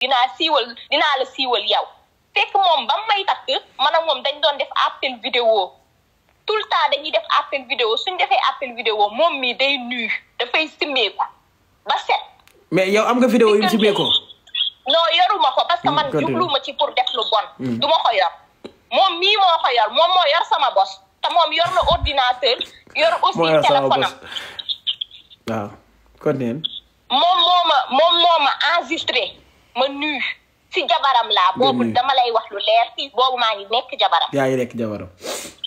dinaa siiwal dinaa la siiwal yow fekk moom ba may takk man ak moom dañ doon def appel vidéo tout le temps dañuy def appel vidéo suñ defee appel vidéo moom mii day nuyu dafay simmeeku ba set. mais yow am nga vidéo yu simmeeku. non yoruma ko parce que man jubluwuma ci pour def lu bon. Hmm. du ma ko yor moom mii moo ko yor moom moo yor sama bos te moom yor na ordinateur. yor aussi téléphone am waaw kon neen moom moom moo ma ma nuyu si jabaram laa. boobu dama lay wax lu leer si boobu maa ngi nekk jabaram. yaa ngi nekk jabaram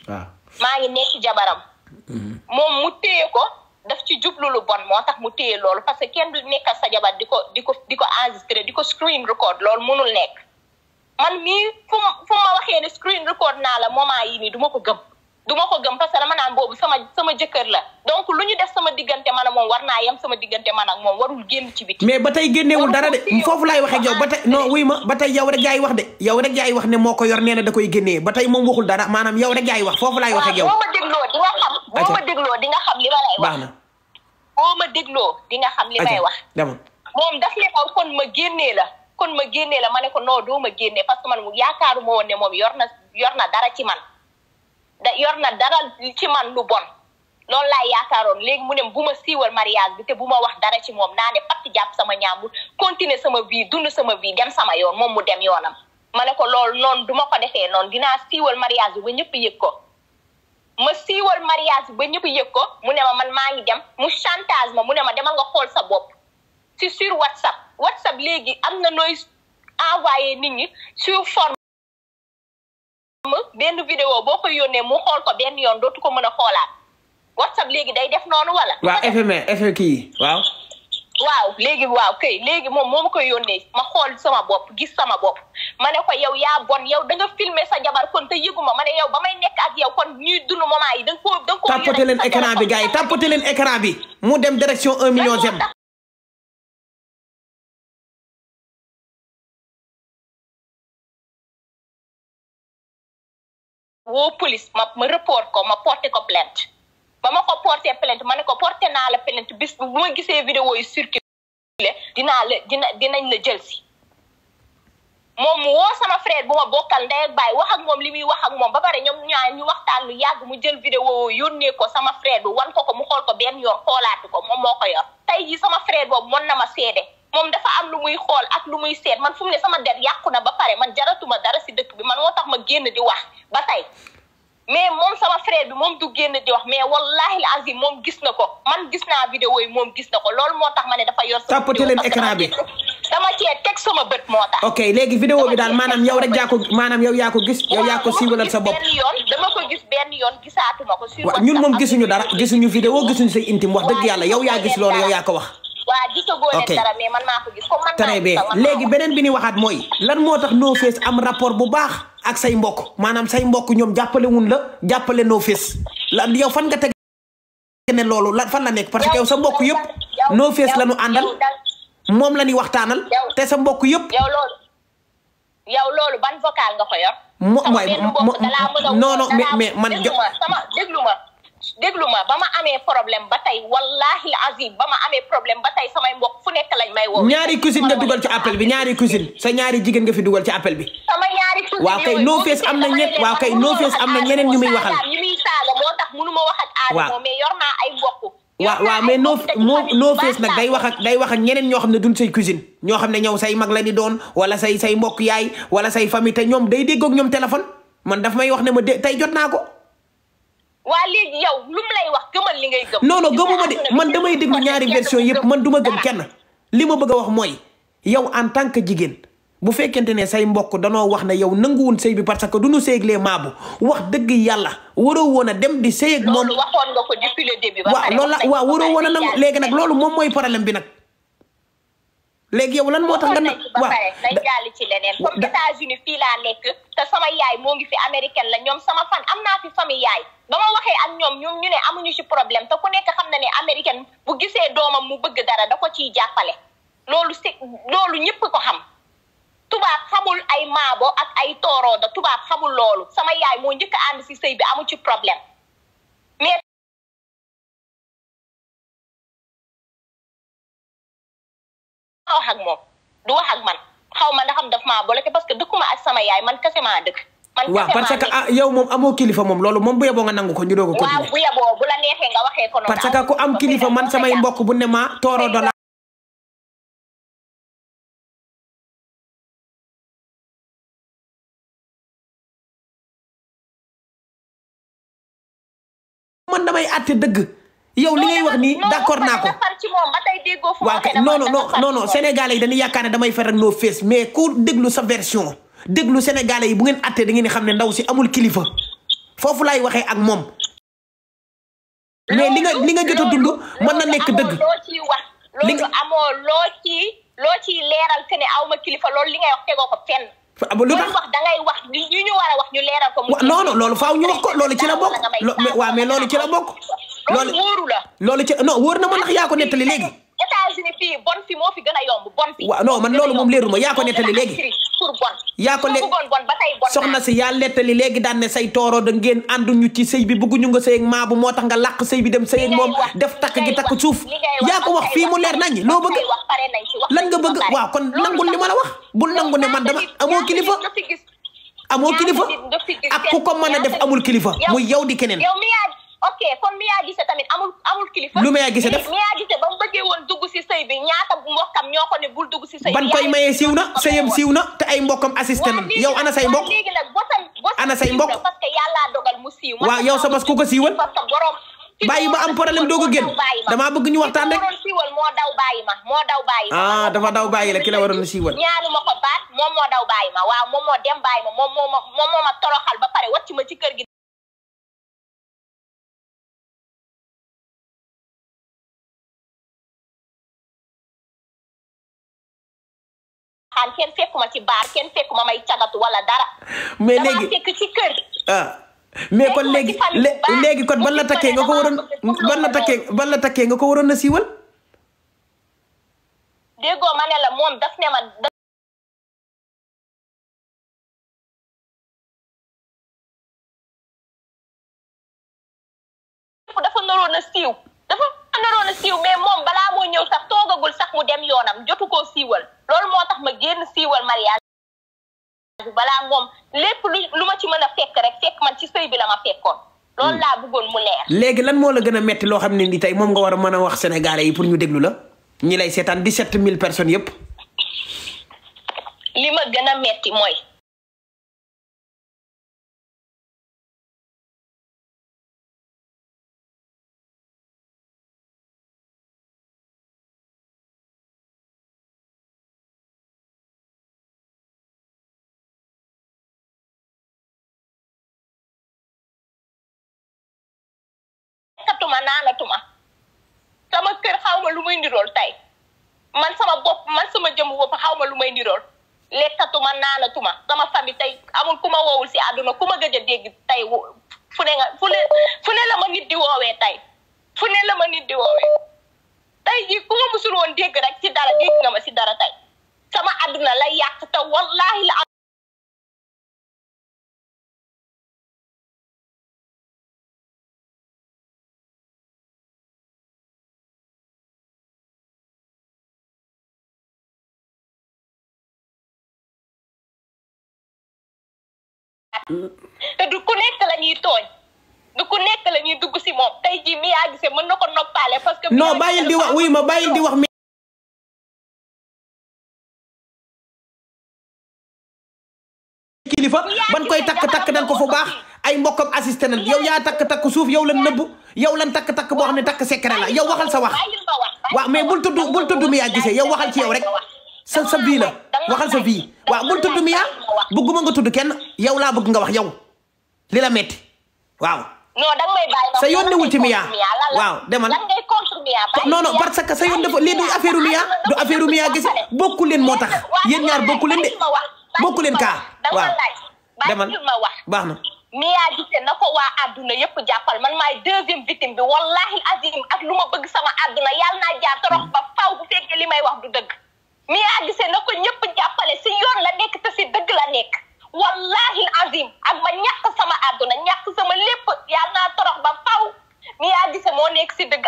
waa maa ngi nekk jabaram. Mm-hmm. moom mu téye ko daf ci jublu lu bon moo tax mu téye loolu parce que kenn du nekkal sa jabar di ko di ko di ko enregistré di ko screen record loolu mënul nekk man mii fu fu ma waxee ne screen record naa la moment yi nii du ma ko gëm. duma ko gëm parce que dama naan boobu sama sama jëkkër la donc lu ñu def sama diggante man ak moom war naa yem sama diggante man a moom warul génn ci biti mais ba tey génneewul dara de foofu laay waxee yow ba tey yow rek wax de yow rek yaay wax ne moo ko yor nee na da koy génnee ba tey moom waxul dara maanaam yow rek yaay wax foofu laay waxee yow boo ma dégloo di nga xam nga xam li ma lay wax ma dégloo di nga xam li may wax dama moom daf ne ko kon ma génnee la kon ma génnee la ma ne ko non doo ma génnee parce que man yaakaaru ma woon ne moom yor na yor na dara ci man da yor na dara ci man lu bon loolu laay yaakaaroon léegi mu ne bu ma siiwal mariage bi te bu ma wax dara ci moom naa ne patt jàpp sama ñaambur continuer sama vie dund sama vie dem sama yoon moom mu dem yoonam ma ne ko lool noon du ma ko defee noonu dinaa siiwal mariage ba ñëpp yëg ko ma siiwal mariage bi ba ñëpp yëg ko mu ne ma man maa ngi dem mu chantage ma mu ne ma demal nga xool sa bopp si sur WhatsApp WhatsApp léegi am na nooy envoyé nit ñi sur benn vidéo boo koy yónnee mu xool ko benn yoon dootu ko mën a xoolaat WhatsApp léegi day def noonu wala. waaw FMR FMR kii waaw. waaw léegi waaw kay léegi moom moo ma koy yónnee ma xool sama bopp gis sama bopp ma ne ko yaw yaa bon yow da nga filmer sa jabar kon te yëguma ma ne yow ba may nekk ak yow kon ñuy dund moment yi da nga koo da nga koo. yore sa jabar tapote leen écran bi gars yi tapote leen écran bi mu dem direction 1 million. woo police ma ma report ko ma porté ko plainte ba ma ko porté plainte ma ne ko porté naa la plainte bis bu ma gisee vidéo yi circulé dinaa la dina dinañ la jël si moom woo sama frère bu ma bokkal ndey ak baay wax ak moom li muy wax ak moom ba pare ñoom ñaar ñu waxtaan lu yàgg mu jël vidéo yónnee ko sama frère bi wan ko ko mu xool ko benn yoon xoolaati ko moom moo ko yor tey jii sama frère boobu mën na ma seede moom dafa am lu muy xool ak lu muy seet man fu mu ne sama der yàqu na ba pare man jaratuma dara si dëkk bi man moo tax ma génn di wax ba tey mais moom sama frère bi moom du di wax mais wallahi azim moom gis na ko man gis naa vidéo yi moom gis na ko loolu moo tax ma ne dafa yor. tapoter leen écran bi dama cee teg sama bët moo tax. ok léegi vidéo bi daal maanaam yow rek yaa ko maanaam yow yaa ko gis. yow yaa ko sa bopp dama ko gis benn yoon gisaatuma ko. ñun moom gisuñu dara gisuñu vidéo gisuñu say intime wax dëgg yàlla yow yaa gis loolu yow yaa ko wax. waa gisagoo leen dara mais léegi beneen bi ni waxaat mooy lan moo tax No Face am rapport bu baax ak say mbokk maanaam say mbokk ñoom jàppale wun la jàppale No Face la yow fan nga teg loolu lan fan la nekk parce que yow sa mbokk yëpp No Face la ñu àndal moom la ñuy waxtaanal te sa mbokk yëpp yow loolu ban mo mooy man. déglu déglu ma ba ma amee problème ba tey wallahi azim ba ma amee problème ba tey samay mbokk fu nekk lañ may woo. ñaari cousine nga dugal ci appel bi ñaari cousine sa ñaari jigéen nga fi dugal ci appel bi. sama kay no face am na ñett waaw kay am na ñeneen ñu muy waxal. ñu muy saaga moo tax mënu ma wax ak Adamo mais naa ay mbokk. waaw waaw mais noo noo fees nag day wax ak day wax ak ñeneen ñoo xam ne dun say cuisine ñoo xam ne ñëw say mag la ni doon wala say say mbokk yaay wala say famille te ñoom day déggoog ñoom téléphone man daf may wax ne ma dé tey jot naa ko waa léegi yow lu lay wax gëmal li nga gëm. non non gëmuma de man damay déglu ñaari version yëpp man duma ma kenn. li ma bëgg a wax mooy yow en tant que jigéen bu fekkente ne say mbokk danoo wax ne yow nanguwun sëy bi parce que du ñu sëygle maabu wax dëgg yàlla waroo woon a dem di sëy ak moom. loolu waxoon nga ko waroo woon a nangu léegi nag loolu moom mooy problème bi nag. léegi yow lan moo tax nga na waaw nañ jàll ci leneen fii laa nekk te sama yaay moo ngi fi américaine la ñoom sama fan am naa fi famille ba ma waxee ak ñoom ñoom ñu ne amuñu ci problème te ku nekk xam na ne américaine bu gisee doomam mu bëgg dara da ko ciy jàppale loolu si loolu ñëpp ko xam tubaab xamul ay maabo ak ay toorooda tubaab xamul loolu sama yaay moo njëkk ànd si sëy bi amu ci problème mais wax ak moom du wax ak man xaw ma ndax am daf maa bloqué parce que dëkkuma ak sama yaay man kese maa dëkk waaw parce que ah yow moom amoo kilifa moom loolu moom bu yeboo nga nangu ko ñu doog a. ko parce que ah, am kilifa man samay mbokk bu ne ma tooro dollar. man damay àtte dëgg. yow li ngay wax nii d'accord naa ko waaw non non yi dañuy yaakaar ne damay fer noo fees mais ku déglu sa version. déglu sénégalais yi bu ngeen àttee da ngeen xam ne ndaw si amul kilifa foofu laay waxee ak moom. mais li nga li nga jot a dund mën na nekk dëgg. li nga amoo loo ci loo ci leeral que ne aw kilifa loolu li ngay wax tegoo ah, lu tax wax da ngay wax ñu war a wax ñu leeral loolu ñu ko loolu ci la bokk. waaw mais loolu ci la bokk. loolu wóoru ci non wóor na ma ndax yaa ko nettali léegi. États-Unis fii moo fi gën a yomb bon fi. waaw man loolu moom leeruma yaa ko nettali léegi. pour bon yaa ko léegi soxna si yaa lettali léegi daan ne say tooro da ngeen ñu ci sëy bi ñu nga sëy maa bu moo tax nga làq sëy bi dem sëy ak moom def tàkk gi takk suuf yaa ko wax fii mu leer nañ loo bëgg lan nga bëgg waaw kon nangul li ma la wax bul nangu ne man dama amoo kilifa amoo kilifa ak ku ko mën a def amul kilifa muy yow di keneen ok kon Mia Guissé tamit amul amul kilifa. lu Mia Guissé def Mia Guissé ba mu bëggee woon dugg si sëy bi ñaata mbokkam ñoo ko ne bul dugg si sëy bi. ban koy mayee siiw na sëyam siiw na te ay mbokkam assisté na yow ana say mbokk léegi nag bosam bosam ana say mbokk parce que yàlla dogal mu siiw. waaw yow sa bos ko siiwal. bàyyi ma am problème doog a génn damaa bëgg ñu waxtaan rek waroon siiwal moo daw bàyyi ma moo daw bàyyi ma ah dafa daw bàyyi la ki la waroon siiwal ñaanu ma ko baat moo daw ma waaw moom moo dem bàyyi moom moo ma moom moo ma toroxal ma ci kër gi xaan kenn fekkuma ci baar kenn fekkuma may cagatu wala dara. mais léegi ci kër. ah mais kon léegi léegi kon ban la nga ko waroon ban la takkee ban nga ko waroon na siiwal. déggoo ma ne la moom daf ne ma. dafa naroon a siiw dafa. naroon a siiw mais moom balaa sax toogagul sax mu jotu koo siiwal loolu moo tax ma génn siiwal mariage balaa moom lépp lu lu ma ci mën a fekk rek fekk man ci sëy bi la ma fekkoon loolu laa bëggoon mu leer léegi lan moo la gën a metti loo xam ne ni tey moom nga war a mën a wax sénégalais yi pour ñu déglu la ñi lay seetaan dix-sept mille personnes yépp li ma gën a metti mooy lekkatuma naanatuma sama kër xaw ma lu may ndirool tey man sama bopp man sama jëmm bopp xaw ma lu may ndirool lekkatuma naanatuma sama famille tey amul ku ma woowul si àdduna ku ma gëj a dégg tey fu ne nga fu ne fu ne la ma nit di woowee tey fu ne la ma nit di woowee tey jii ku musul woon dégg rek ci dara dégg na ma si dara tey sama àdduna lay yàq te wallaahi la te du ku nekk la ñuy tooñ. du ku ñuy dugg si moom tey jii Mia Guissé mën na ko noppaale parce que. non bàyyil di wax wuy ma bàyyil di wax. kilifa ban koy takk takk nan ko fu baax ay mbokkam assisté nan yow yaa takk takk suuf yow la nëbbu yow lan takk takk boo xam ne takk secret la yow waxal sa wax. waaw mais bul tudd bul tudd Mia Guissé yow waxal ci yow rek. sa sa vie la waxal sa vie waaw bul tudd Mia bëgguma nga tudd kenn yow laa bëgg nga wax yow li la metti waaw. non sa yoon wul ci Mia waaw demal non non parce que sa yoon dafa lii du affaire Mia du gis bokku leen moo tax yéen ñaar bokku leen de bokku leen kaa waaw demal baax na. Mia Guissé na ko waa àdduna yëpp jàppal man maay deuxième victime bi wallahi azim ak lu ma bëgg sama àdduna yàlla naa jaar torox ba faw fekkee li may wax du dëgg. Mira Guissé na ko ñëpp jàppale si yoon la nekk te si dëgg la nekk wallahi azim ak ma ñàkk sama àdduna ñàkk sama lépp yàlla naa torox ba faw Mira Guissé moo nekk si dëgg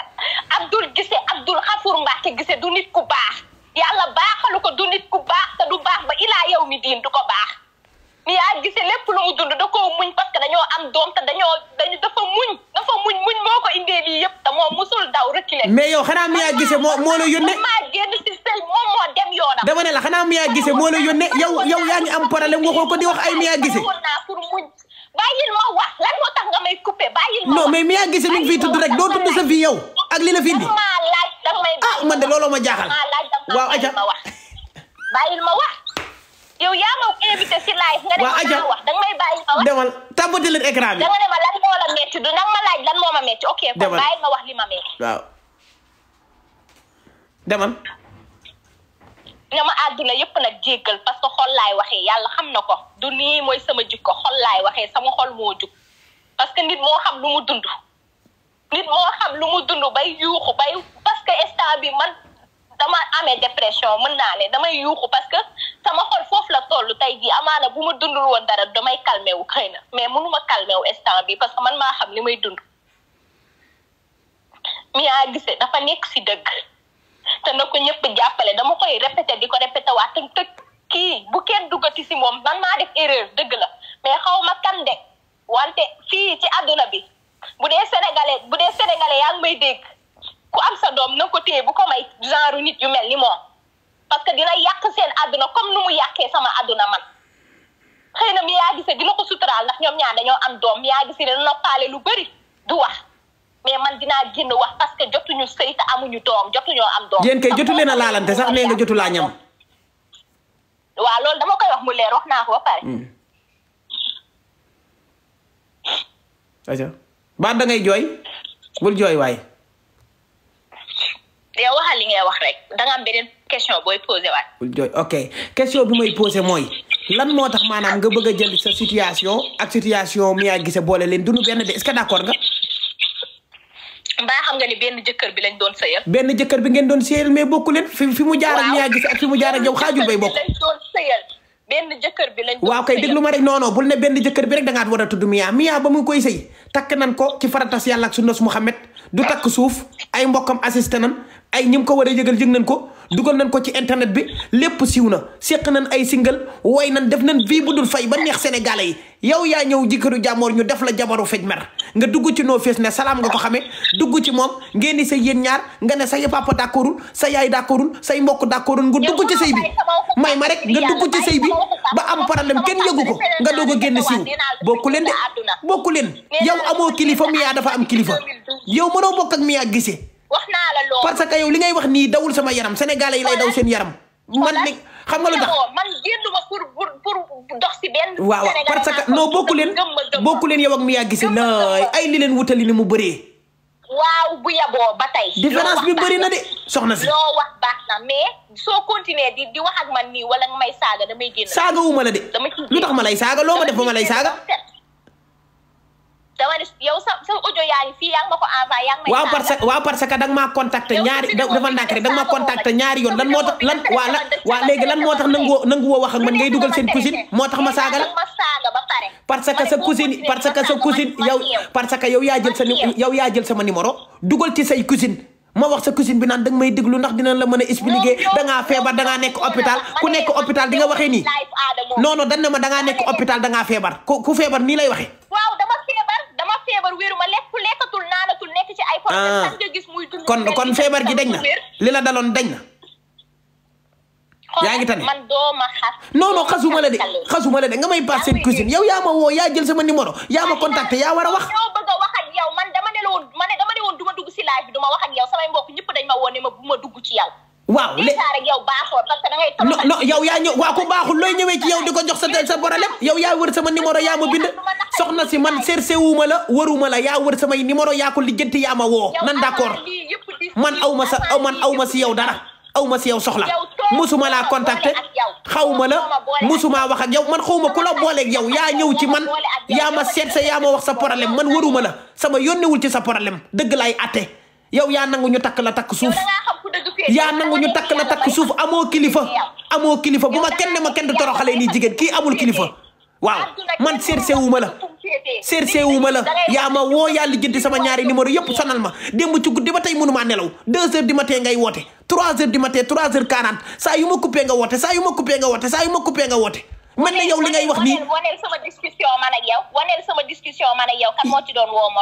Abdoul Guissé Abdoul Xafour Mbacke Guissé du nit ku baax yàlla baaxalu ko du nit ku baax te du baax ba ilaa yow mi diin du ko baax Mira Guissé lépp lu mu dund da koo muñ parce que dañoo am doom te dañoo dañu dafa muñ dafa muñ muñ moo ko indee lii yëpp te moom musul daw reculer mais yow xanaa dama ne la xanaa Mia Guissé moo la yónnee yow yaa ngi am problème waxoo ko di wax ay Mia Guissé. bàyyil ma wax lan moo tax nga may coupé bàyyil ma wax non mais Mia Guissé rek doo tudd sa vie yow ak li la fi indi ah man de looloo ma jaaxal waaw aja yow yaa ma invité si live nga waaw aja demal tàmbati leen écran bi demal na ma àdduna yëpp nag jéggal parce que xol laay waxee yàlla xam na ko du nii mooy sama jikko xol laay waxee sama xol moo jug parce que nit moo xam lu mu dund nit moo xam lu mu dund bay yuuxu bay parce que instant bi man dama amee dépression mën naa ne damay yuuxu parce que sama xol foofu la toll tey jii amaana bu ma dundul woon dara damay calmé wu xëy na mais munuma ma calmé wu instant bi parce que man maa xam ni may dund Mia Guissé dafa nekk si dëgg te na ko ñëpp jàppale dama koy répété di ko répété waat tëgg kii bu kenn duggati si moom man maa def erreur dëgg la mais xaw ma kan de wante fii ci àdduna bi bu dee sénégalais bu dee sénégalais yaa ngi may dégg ku am sa doom na ko téye bu ko may genre nit yu mel ni moom parce que dina yàq seen àdduna comme nu mu yàqee sama àdduna man xëy na mi yaa sa dina ko suturaal ndax ñoom ñaan dañoo am doom yaa gisee dina noppaale lu bëri du wax mais man dinaa génn wax parce que jotuñu sëy amuñu doom jotuñoo am doom. yéen kay jotu leen laalante sax nee nga jotu ñam. waaw loolu dama koy wax mu leer wax naa ko mm. da ngay jooy bul jooy waaye. yow waxal li ngay wax rek da nga am question booy posé waat. bul jooy ok question bi may pose mooy lan moo tax maanaam nga bëgg a jël sa situation ak situation Mia Guissé boole leen dunu benn de est-ce que d'accord nga. mbaa xam nga ni benn jëkkër bi lañ doon sëyal benn jëkkër bi ngeen doon sëyal mais bokku leen fi fi mu jaar ak ñaar gi ak fi mu jaar ak bay bokk bi lañ waaw kay déglu ma rek non bul ne benn jëkkër bi rek da ngaa war a tudd Mia Mia ba mu koy sëy takk nan ko ci faratas yàlla ak sunnas Muhammad du takk suuf ay mbokkam assisté nan ay ñi ko war a yëgal yëg nañ ko dugal nañ ko ci internet bi lépp siiw na seq nañ ay single way nañ def nañ vie bu dul fay ba neex sénégalais yi yow yaa ñëw jëkkëru jàmmoor ñu def la jabaru fej mer nga dugg ci noo fees ne salaam nga ko xamee dugg ci moom ngeen di sa yéen ñaar nga ne sa papa d'accordul sa yaay d'accordul say mbokk d'accordul nga dugg ci sëy bi may ma rek nga dugg ci sëy bi ba am problème kenn yëgu ko nga doog génn siiw bokku leen de bokku leen yow amoo kilifa miyaa dafa am kilifa yow mënoo bokk ak miyaa gisee wax naa la parce que yow li ngay wax nii dawul sama yaram sénégalais yi lay daw seen yaram. man ne xam nga lu tax man génnuma pour pour pour dox si benn. waaw parce que non bokku leen bokku leen yow ak Mia Guissé naay ay li leen wutali ni mu bëree. waaw bu yaboo ba tey. différence mi bëri na de soxna si. loo wax na mais soo continuer di di wax ak man nii wala may saaga damay génn. saaga wu ma la de. lu tax ma lay saaga loo ma def ba ma lay saaga. dama ne yow sa sa audio yaa ngi fii yaa ngi ma ko waaw parce que waaw parce que da nga maa contacté ñaari dafa ndànk rek da nga maa contacté ñaari yoon lan moo tax lan waa la waa léegi lan moo tax nanguwoo nanguwoo wax ak man ngay dugal seen cousine moo tax ma saaga la parce que sa cousine parce que sa cousine yow parce que yow yaa jël sa yow yaa jël sama numéro dugal ci say cousine ma wax sa cousine bi naan da may déglu ndax dina la mën a danga da ngaa feebar da nekk hôpital ku nekk hôpital di nga waxee nii non non dañ ne ma da nekk hôpital da ngaa feebar ku feebar nii lay waxee ah kon kon feebar gi dañ na li la daloon dañ na. yaa ngi tane man doo ma xas. non non xasuma la de xasuma la de nga may paas seen cuisine yaa ma woo yaa jël sama numéro yaa ma contacté yaa war a wax. ñoo bëgg a wax ak yow man woon man dama ne woon du ma dugg si laaj bi du ma wax ak ñëpp dañ ma woo ne ma dugg ci yow. waaw léegi rek baaxoo parce da ngay. non yaa ñëw waa ko baaxul looy ñëwee ci yow di ko jox sa sa bora lépp yow yaa wër sama numéro yaa ma bind. soxna si man cherché wu ma la waruma la yaa wër samay numéro yaa ko lijjanti yaa ma woo nan d'accord man aw ma sa man aw ma si yow dara aw ma si yow soxla musuma laa contacter xaw ma la musuma wax ak yow man xaw ma ku la booleeg yow yaa ñëw ci man yaa ma seet sa yaa ma wax sa problème man waruma la sama yónnewul ci sa problème dëgg laay atte yow yaa nangu ñu takk la takk suuf yaa nangu ñu takk la takk suuf amoo kilifa amoo kilifa bu ma kenn ne ma kenn du toroxalee nii jigéen kii amul kilifa. waaw man seerse wu ma la seerse wu ma la yaa ma woo yàlla jënd sama ñaari numéro yëpp sonal ma démb ci guddi ba tey mënu maa nelaw deux heures du matin ngay woote trois heures du matin trois heures quarante saa yu ma coupé nga woote saa yu ma coupé nga woote saa yu ma coupé nga woote man na yow li ngay wax nii waneel sama discussion man ak moo ci doon woo morom